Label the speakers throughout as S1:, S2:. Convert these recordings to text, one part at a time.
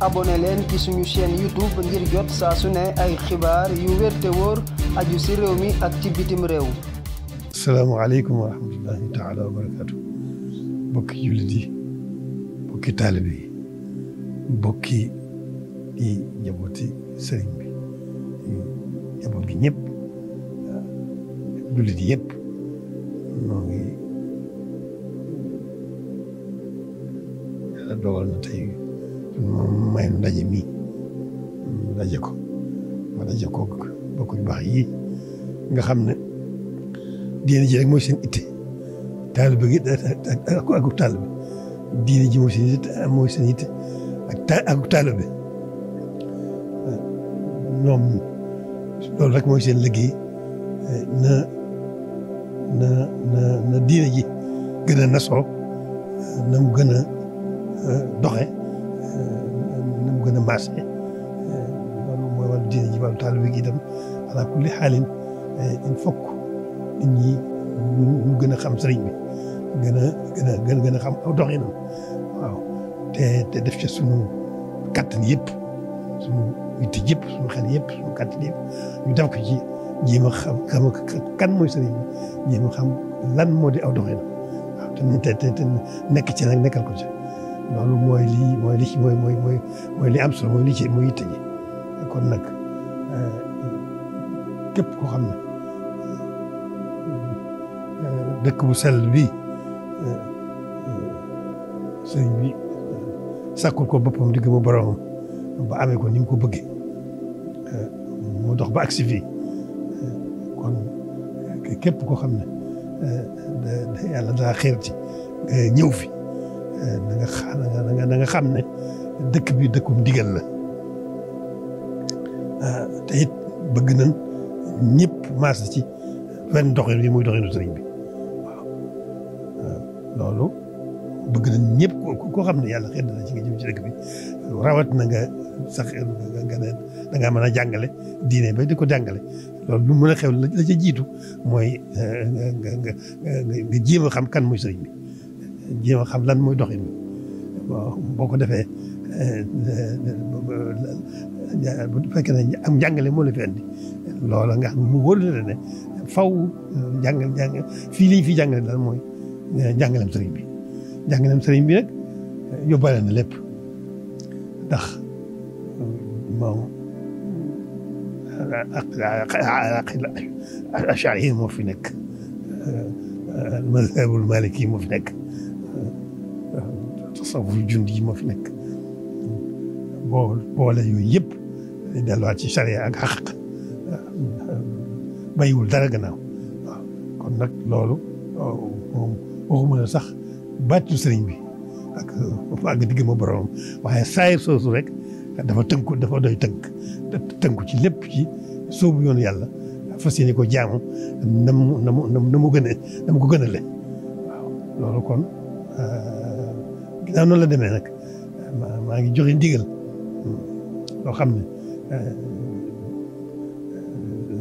S1: abonné leen suñu chaîne YouTube ngir jot saa su ne ay xibaar yu wér te aju si réew mi ak ci bitim réew. salaamaaleykum wa rahmatullahi taala wa barakaatu. bokki jullit yi bokki taalibe yi bokki yi njabooti bi njaboot gi ñëpp jullit yëpp noo ngi yàlla na tey. moom may nu ndaje mi ndaje ko ma ndaje ko bokk yu baax nga xam ne diine ji rek mooy seen itte taal bi ak ak taal bi diine ji mooy seen itte mooy seen itte ak ta ak taal bi ñoom loolu rek mooy seen liggéey na na na na ji gën nasoo na mu gën a doxe na gën a maase eh, loolu mooy wàllu diine ji wàllu taalibe gi itam ala kulli xaalin eh, il faut nit ñi ñu gën a xam sëriñ bi gën a gën a xam aw te te def ca sunu kattan yëpp sunu yitte yëpp sunu xel yëpp sunu kattan yëpp ñu def ko ci jéem a xam xam mooy sëriñ bi jéem a xam lan moo di aw doxinam waaw te te te nekk ci nag nekkal ko ci. loolu mooy li moo li mooy mooy mooy li am solo mooy li ci mooy yitte ji kon nag euh, képp koo xam ne euh, euh, dëkk bu sell bii sëriñ bi sàkkul ko boppam digg mu boromam ba amee ko ni ko bëggee mu dox ba agsi fii kon képp koo xam ne da yàlla daa xeer ci ñëw fi na xam ne dëkk bi dëkkum digal la ah, te it bëgg nañ ñëpp maas ci benn doxin bi muy doxinu sëriñ bi ah, loolu bëgg nañ ñëpp koo xam ne yàlla xëy na ci nga jëm ci dëkk bi rawat na nga sax nga ne mën a jàngale diine ba di ko jàngale loolu lu mën a xew la ci jiitu mooy eh, nga nga nga jéem a xam kan moy sëriñ jéem a xam lan mooy doxin waaw boo ko defee bu fekkee ne am njàngale moo la fi andi loola nga xam mu wóor la ne faw jàngal jàng fii liñ fi jàngale daal mooy jàngalem sëriñ bi jàngalem sëriñ bi nag yóbbaale na lépp ndax moom achari moo fi nekk mazhabul maliki moo fi nekk tasawuf jund yi ma fi nekk boo boole yooyu yëpp delluwaat ci charia ak xaq bàyyiwul dara gannaaw waaw kon nag loolu moom waxuma la sax bàccu sëriñ bi ak digg ma boromam waaye saayir soosu rek dafa tënku dafa doy tënk tënku ci lépp ci soobu yoonu yàlla fas yéene ko jaamu na mu gën a na ko gën a le loolu kon ginnaaw noonu la demee nag maa ngi joxe ndigal loo xam ne euh,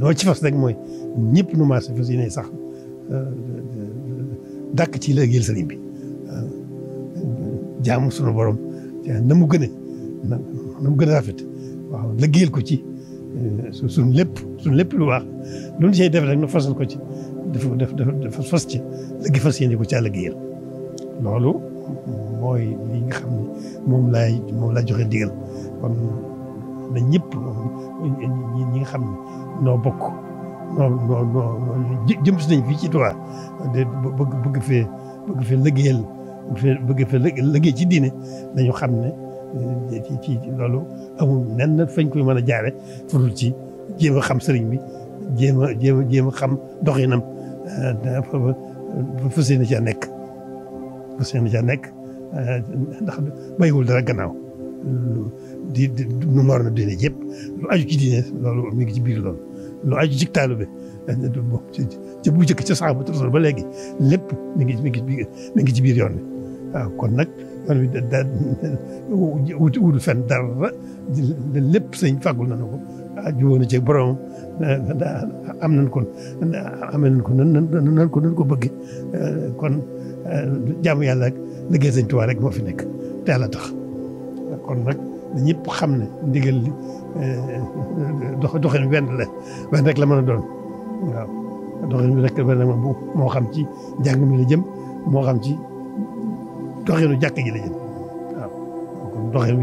S1: loo ci fas rek mooy ñëpp nu maase fas yéene sax euh, dakk ci liggéeyal sëriñ bi jaamu sunu borom na mu gën a na mu gën a rafet waaw liggéeyal ko ci euh, suñ lépp suñ lépp lu waax lu ñu see def rek nu fasal ko ci dafa dafa fas ci léegi fas yéene ko ci liggéeyal mooy li nga xam ne moom laay moom laa joxe ndigal kon na ñëpp ñi xam ne noo bokk noo noo noo jëm si nañ fii ci Tuubaa de bëgg bëgg fee bëgg fee ci diine dañu xam ne eh, ci ci loolu amul nenn fañ koy mën a jaare furul ci jéem xam sëriñ bi jéem a jéem a xam doxinam dafa eh, fas ci a nekk ko Cheikh Ndiaye nekk eh, ndax bàyyiwul dara gannaaw di di nu mu waroon a diine yëpp lu aju ci diine loolu mi ngi ci biir loolu lu aju ci taalibe eh, ca bu njëkk ca saxaabatu rasul ba léegi lépp mi ngi mi ngi mi ngi ci biir yoon kon nag yoon bi da wuti wutul fenn dara lépp sëñ fàggul nañu ah, na ci borom eh, am nañ ko am nañ ko nan ko nan jaamu yàlla ak liggéey rek moo fi nekk te yàlla tax kon nag ñépp xam ne ndigal li dox doxin wenn la rek la a doon waaw doxin bi rek wenn moo xam ci njàng mi la jëm moo xam ci doxinu jàkk bi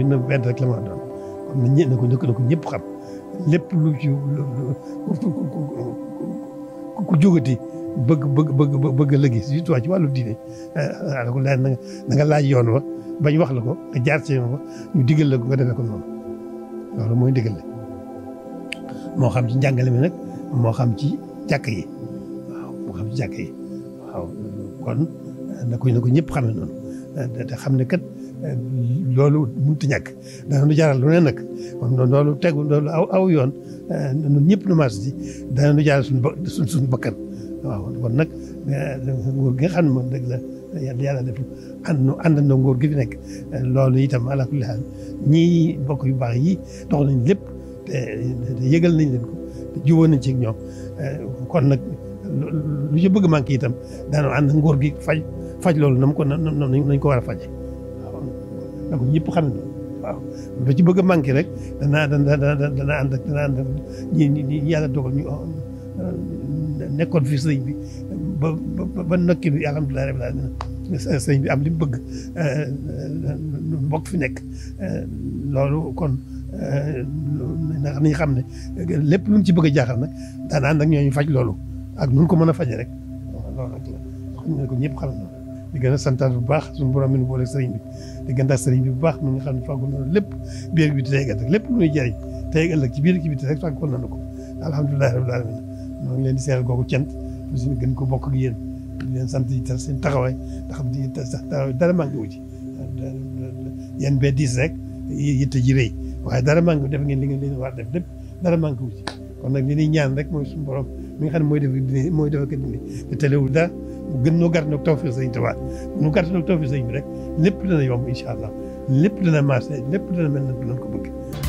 S1: na wenn a doon kon na ñë na ko na ko ñëpp xam lépp lu ci ku jógati bëgg bëgg bëgg bëgg lëggee surtout ci wàllu diine ala ko laaj na nga laaj yoon ba bañ wax la ko nga jaar ci yoon wa ñu digal la ko nga defee mooy digal xam ci njàngale mi nag moo xam ci jàkk yi moo xam ci yi waaw kon na ko ñëpp xamee noonu euh, te xam ne kat euh, loolu mënut a ñàkk dana nu jaaral lu ne nag kon loolu tegu loolu aw yoon euh, ñun ñëpp nu maas ci dana nu jaaral suñu suñ suñu bakkan waaw kon nag nguur gi nga xam ne moom dëgg la yàlla def ànd àndandoo nguur gi fi nekk loolu itam ala kulli haal ñii bokk yu baax yi dox nañ lépp te yëgal nañ leen ko te jubóo nañ ci ñoom kon nag lu ci bëgg manqué itam daanoo ànd nguur gi faj faj loolu na mu ko nañ ko war a faje waaw na ko ñëpp xam ne waaw lu ci bëgg a manqué rek danaa dana dana ànd ak dana ànd ak ñi yàlla dogal ñu nekkoon fi sëñ bi ba ba ba bi alhamdulilah rabbil alamin sëñ bi am li mu bëgg bokk fi nekk loolu kon ndax nañ xam ne lépp luñ ci bëgg jaaxal nag daan naan nag ñooñu faj loolu ak nun ko mën a faje rek loolu ko ñëpp xam na gën a santaat bu baax suñu borom mi nu boole sëriñ bi sëriñ bu baax mi nga xam ne fàggul lépp biir bi tey ëllëg lépp lu ñuy jëriñ tey ëllëg ci biir ci rek fàggul nañu ko ñoo ngi leen di seeral googu cant pour suñu gën ko bokk ak yéen di leen sant di seen taxawaay ndax xam di sax dara manqué wu ci yéen bee diis rek yitte ji rëy waaye dara manqué def ngeen li ngeen leen war def lépp dara manqué wu kon nag li ñuy ñaan rek mooy suñu borom mi nga mooy def dine mooy def ak dine te telewul dara gën noo gàtt nag tawfiq sëñ Tuubaa nu gàtt nag tawfiq sëñ bi rek lépp dana yomb incha allah lépp dana marché lépp dana mel na du ko bëgg